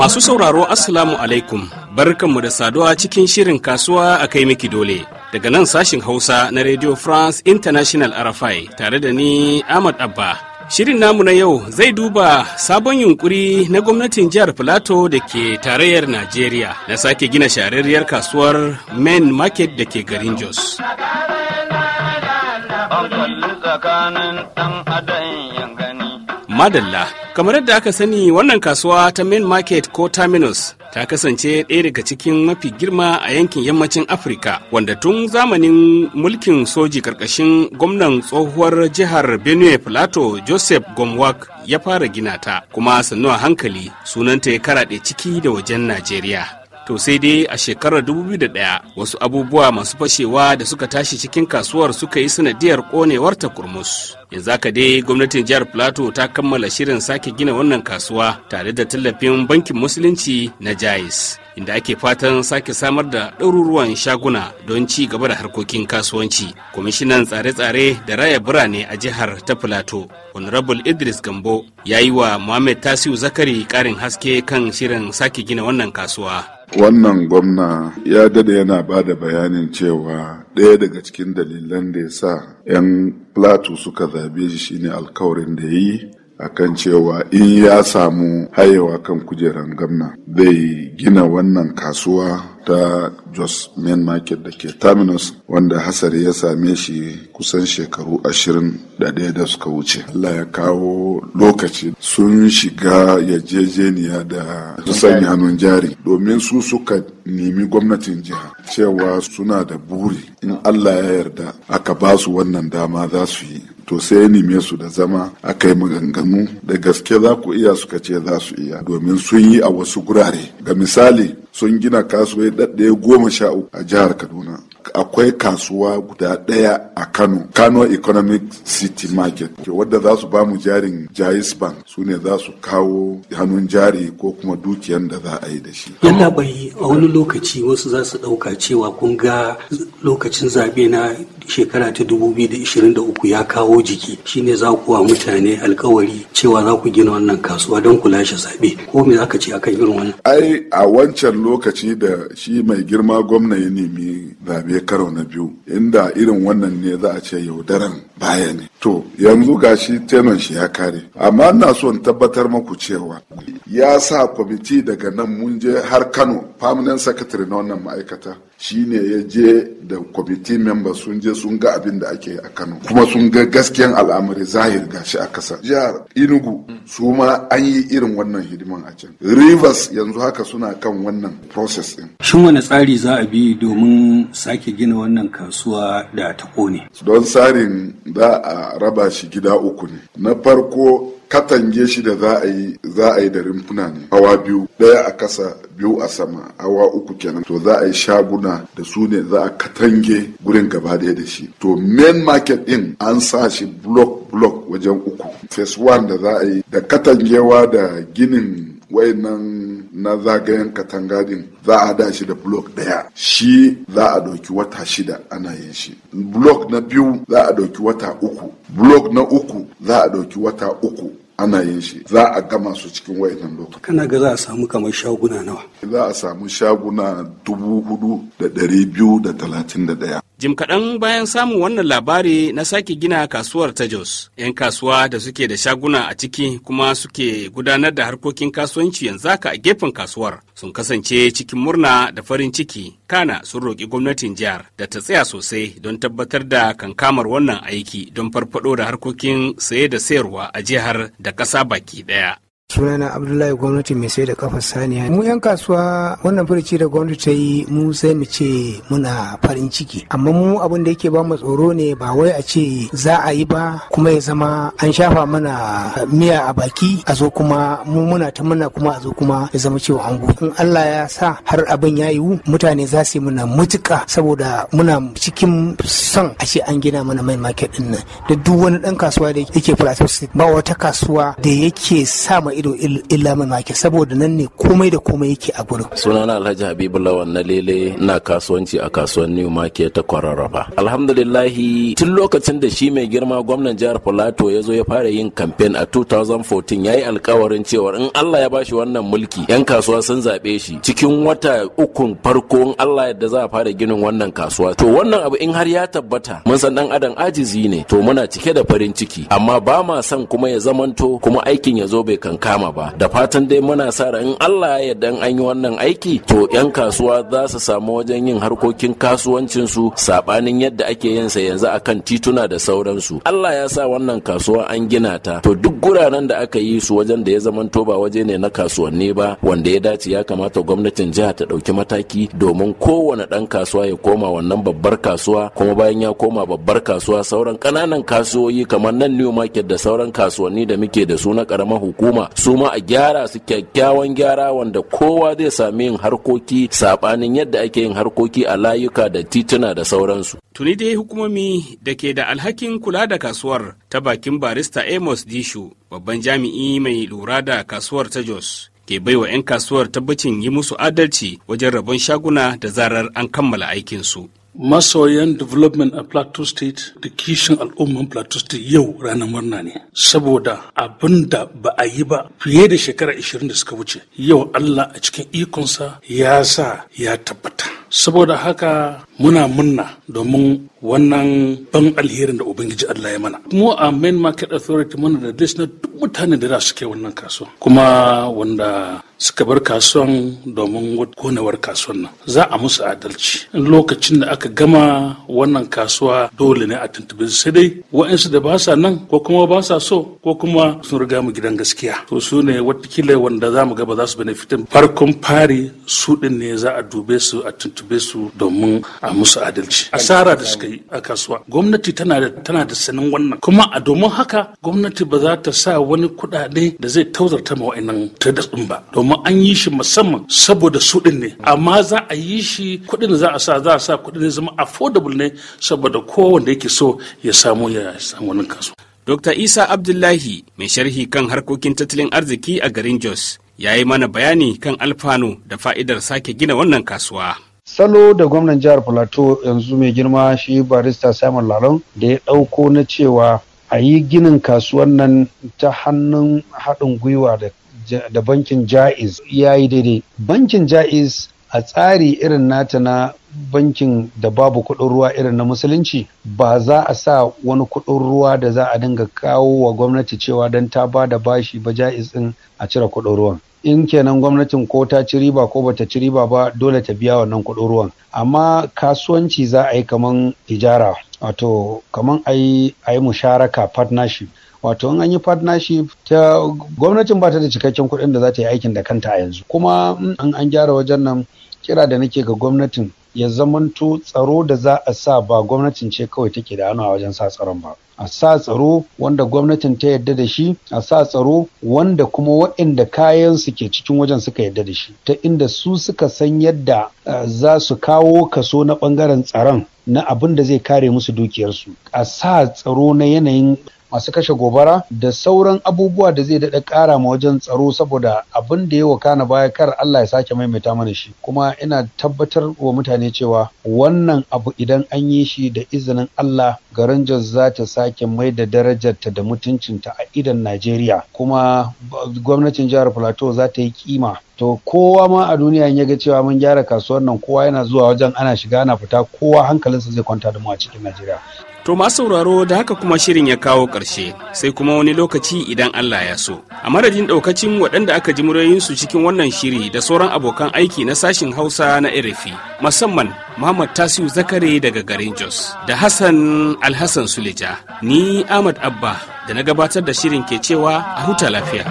Masu sauraro Assalamu alaikum, mu da saduwa cikin shirin kasuwa a kai miki dole. Daga nan sashin Hausa na Radio France International RFI tare da ni Ahmad Abba. Shirin namu na yau zai duba sabon yunkuri na gwamnatin jihar Filato da ke tarayyar Najeriya na sake gina shahararriyar kasuwar Main Market da ke garin Jos. ɗan Madalla, kamar yadda aka sani wannan kasuwa ta main market ko terminus ta kasance ɗaya daga cikin mafi girma a yankin yammacin Afirka wanda tun zamanin mulkin soji karkashin gwamnan tsohuwar jihar Benue Plato Joseph Gomwak ya fara gina ta kuma sannu a hankali sunanta ya karaɗe ciki da wajen Najeriya. to sai dai a shekarar 2001 wasu abubuwa masu fashewa da suka tashi cikin kasuwar suka yi sanadiyar konewar ta kurmus yanzu haka dai gwamnatin jihar plateau ta kammala shirin sake gina wannan kasuwa tare da tallafin bankin musulunci na jais inda ake fatan sake samar da ɗaruruwan shaguna don ci gaba da harkokin kasuwanci kwamishinan tsare-tsare da raya birane a jihar ta plateau honorable idris gambo ya yi wa muhammad tasiu zakari karin haske kan shirin sake gina wannan kasuwa wannan gwamna ya dade yana ba da bayanin cewa ɗaya daga cikin dalilan da ya sa 'yan plato suka zabe shi shine alkawarin da ya yi akan cewa in ya samu hayewa kan kujeran gamna zai gina wannan kasuwa ta jos main market da ke terminus wanda hasari ya same shi kusan shekaru ashirin da daya da suka wuce allah ya kawo lokaci sun shiga yarjejeniya da su sanya hannun jari domin su suka nemi gwamnatin jiha cewa suna da buri in allah ya yarda aka ba su wannan dama za su yi to sai ya neme su da zama aka yi maganganu da gaske za ku iya suka ce za su iya domin sun yi a wasu gurare ga misali sun gina kasuwai ɗaɗɗaya goma sha uku a jihar kaduna akwai kasuwa guda ɗaya a kano kano economic city market wadda za su bamu jarin jais bank su ne za su kawo hannun jari ko kuma dukiyan da za a yi da shi yana bai a wani lokaci wasu za su ɗauka cewa kun ga lokacin zaɓe na shekara ta 2023 ya kawo jiki shine za ku wa mutane alkawari cewa za ku gina wannan kasuwa don ku lashe zaɓe ko me za ka ce akan irin wannan. ai a wancan lokaci da shi mai girma gwamna ya nemi zaɓe karo na biyu inda irin wannan ne za a ce yaudaran baya ne to yanzu gashi tenon shi ya kare amma ina so in tabbatar maku cewa ya sa kwamiti daga nan mun je har kano permanent secretary na wannan ma'aikata shine ya je da kwamiti memba sun je sun ga abin da ake a kano kuma sun ga gaskiyan al'amari zahir gashi a kasa jihar inugu su ma an yi irin wannan hidiman a can rivers yanzu haka suna kan wannan process din shin wani tsari za a bi domin sake gina wannan kasuwa da ta kone don tsarin za a raba shi gida uku ne na farko katange shi da za a yi za a yi da rumfuna ne hawa biyu ɗaya a kasa biyu a sama hawa uku kenan to za a yi shaguna da su ne za a katange gurin gaba daya da shi to main market din an sa shi block block wajen uku phase one da za a yi da katangewa da ginin wayannan na zagayen katanga din za a hada shi da blok daya shi za a ɗauki wata shida ana yin shi blok na biyu za a ɗauki wata uku blok na uku za a ɗauki wata uku ana yin shi za a gama su cikin wayannan lokaci kana ga za a samu kamar shaguna nawa za a samu shaguna dubu hudu da dari biyu da talatin da daya Jim kaɗan bayan samun wannan labari na sake gina kasuwar ta Jos, 'yan kasuwa da suke da shaguna a ciki kuma suke gudanar da harkokin kasuwanci yanzu haka a gefen kasuwar sun kasance cikin murna da farin ciki. Kana sun roƙi gwamnatin jihar da ta tsaya sosai don tabbatar da kankamar wannan aiki don farfaɗo da harkokin saye da sayarwa a jihar da ƙasa baki ɗaya. sunana abdullahi gwamnati mai sai da kafar saniya mu yan kasuwa wannan furici da gwamnati ta yi mu sai mu ce muna farin ciki amma mu abin da yake ba mu tsoro ne ba wai a ce za a yi ba kuma ya zama an shafa mana miya a baki a zo kuma mu muna ta muna kuma a zo kuma ya zama cewa an in Allah ya sa har abin ya yiwu mutane za su yi muna mutuka saboda muna cikin son a ce an gina mana mai market ɗin nan da duk wani dan kasuwa da yake plateau ba wata kasuwa da yake sa ma ido illa man make saboda nan ne komai da komai yake a gurin sunana alhaji habibu lawan na lele na kasuwanci a kasuwan new market ta kwararrafa alhamdulillahi tun lokacin da shi mai girma gwamnan jihar plateau ya zo ya fara yin kamfen a 2014 ya yi alkawarin cewa in allah ya bashi wannan mulki yan kasuwa sun zaɓe shi cikin wata ukun farko in allah yadda za a fara ginin wannan kasuwa to wannan abu in har ya tabbata mun san dan adam ajizi ne to muna cike da farin ciki amma ba ma son kuma ya zamanto kuma aikin ya zo bai kanka kiyama ba da fatan dai muna sa in Allah ya yarda an yi wannan aiki to yan kasuwa za su samu wajen yin harkokin kasuwancin su sabanin yadda ake yin sa yanzu akan tituna da sauransu Allah ya sa wannan kasuwa an gina ta to duk guraren da aka yi su wajen da ya zamanto ba waje ne na kasuwanni ba wanda ya dace ya kamata gwamnatin jiha ta ɗauki mataki domin kowane dan kasuwa ya koma wannan babbar kasuwa kuma bayan ya koma babbar kasuwa sauran ƙananan kasuwoyi kamar nan new market da sauran kasuwanni da muke da su na karamar hukuma su ma a gyara su kyakkyawan gyara wanda kowa zai sami yin harkoki sabanin yadda ake yin harkoki a layuka da tituna da sauransu tuni dai hukumomi da ke da alhakin kula da kasuwar ta bakin barista amos dishu babban jami'i mai lura da kasuwar ta jos ke baiwa 'yan kasuwar tabbacin yi musu adalci wajen rabon shaguna da zarar an kammala aikinsu. masoyan development a plateau state da kishin al'umman plateau state yau ranar murna ne saboda abin da ba a yi ba fiye da shekara 20 da suka wuce yau allah a cikin ikonsa ya sa ya tabbata saboda haka muna murna domin wannan ban alherin da ubangiji allah ya mana mu a main market authority muna da list na duk mutanen da za su ke wannan kasuwa kuma wanda suka bar kasuwan domin konewar kasuwan nan za a musu adalci in lokacin da aka gama wannan kasuwa dole ne a tuntubi sai dai wa'insu da ba sa nan ko kuma ba sa so ko kuma sun riga mu gidan gaskiya to su ne watakila wanda za mu gaba za su benefitin farkon fari su din ne za a dube su a tuntube su domin a musu adalci asara da suka yi a kasuwa gwamnati tana da tana da sanin wannan kuma a domin haka gwamnati ba za ta sa wani kuɗaɗe da zai tauzarta ma wa'annan traders din ba domin an yi shi musamman saboda su din ne amma za a yi shi kuɗin da za a sa za a sa kuɗin zama affordable ne saboda kowanne yake so ya samu ya samu wani kasuwa Dr. Isa Abdullahi mai sharhi kan harkokin tattalin arziki a garin Jos ya yi mana bayani kan alfanu da fa'idar sake gina wannan kasuwa. Salo da gwamnan jihar Plateau yanzu mai girma shi barista Simon Lalon da ya ɗauko na cewa a yi ginin kasuwan nan ta hannun haɗin gwiwa da da bankin jaiz ya yi daidai bankin jaiz a tsari irin nata na bankin da babu kuɗin ruwa irin na musulunci ba za a sa wani kuɗin ruwa da za a dinga kawo wa gwamnati cewa don ta ba da bashi ba jaiz din a cire kuɗin ruwan in kenan gwamnatin ko ta ci riba ko bata ci riba ba dole ta biya wannan kuɗin ruwan amma kasuwanci za a yi kaman ijara wato kaman a yi musharaka partnership wato in an yi partnership ta gwamnatin ba ta da cikakken kuɗin da za ta yi aikin da kanta a yanzu kuma in an gyara wajen nan kira da nake ga gwamnatin ya zamanto tsaro da za a sa ba gwamnatin ce kawai take da hannu a wajen sa tsaron ba a sa tsaro wanda gwamnatin ta yadda da shi a sa tsaro wanda kuma waɗanda kayan su ke cikin wajen suka yadda da shi ta inda su suka san yadda eh, za su kawo kaso na ɓangaren tsaron na abin da zai kare musu dukiyarsu a sa tsaro na yanayin masu kashe gobara da sauran abubuwa da zai daɗa ƙara ma wajen tsaro saboda abin da ya wakana baya kar Allah ya sake maimaita mana shi kuma ina tabbatar wa mutane cewa wannan abu idan an yi shi da izinin Allah garin Jos za ta sake mai da darajarta da mutuncinta a idan Najeriya kuma gwamnatin jihar Plateau za ta yi kima to kowa ma a duniya ya ga cewa mun gyara kasuwar nan kowa yana zuwa wajen ana shiga ana fita kowa hankalinsa zai kwanta da mu a cikin Najeriya To ma sauraro da haka kuma shirin ya kawo ƙarshe sai kuma wani lokaci idan Allah ya so. A madadin ɗaukacin waɗanda aka ji su cikin wannan shiri da sauran abokan aiki na sashin Hausa na Erefi musamman Muhammad Tasiu Zakare daga garin Jos da Hassan Alhassan Suleja. Ni Ahmad Abba da na gabatar da shirin ke cewa a huta lafiya.